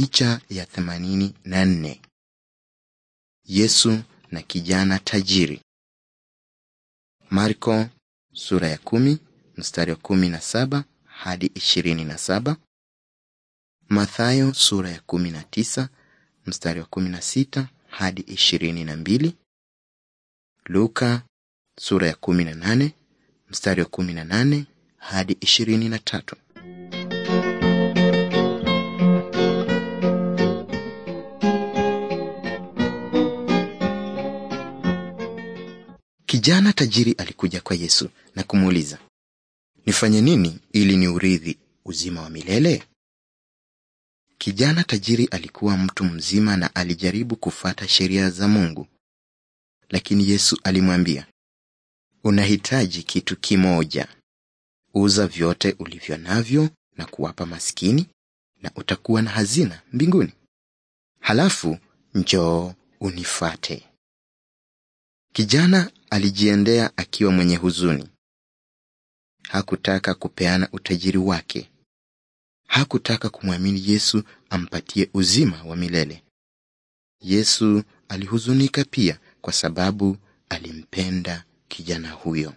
Picha ya themanini na nne. Yesu na kijana tajiri. Marko sura ya kumi mstari wa kumi na saba hadi ishirini na saba. Mathayo sura ya kumi na tisa mstari wa kumi na sita hadi ishirini na mbili. Luka sura ya kumi na nane mstari wa kumi na nane hadi ishirini na tatu. Kijana tajiri alikuja kwa Yesu na kumuuliza, nifanye nini ili niurithi uzima wa milele? Kijana tajiri alikuwa mtu mzima na alijaribu kufata sheria za Mungu, lakini Yesu alimwambia, unahitaji kitu kimoja. Uza vyote ulivyo navyo na kuwapa maskini, na utakuwa na hazina mbinguni. Halafu njoo unifate. Kijana alijiendea akiwa mwenye huzuni. Hakutaka kupeana utajiri wake. Hakutaka kumwamini Yesu ampatie uzima wa milele. Yesu alihuzunika pia kwa sababu alimpenda kijana huyo.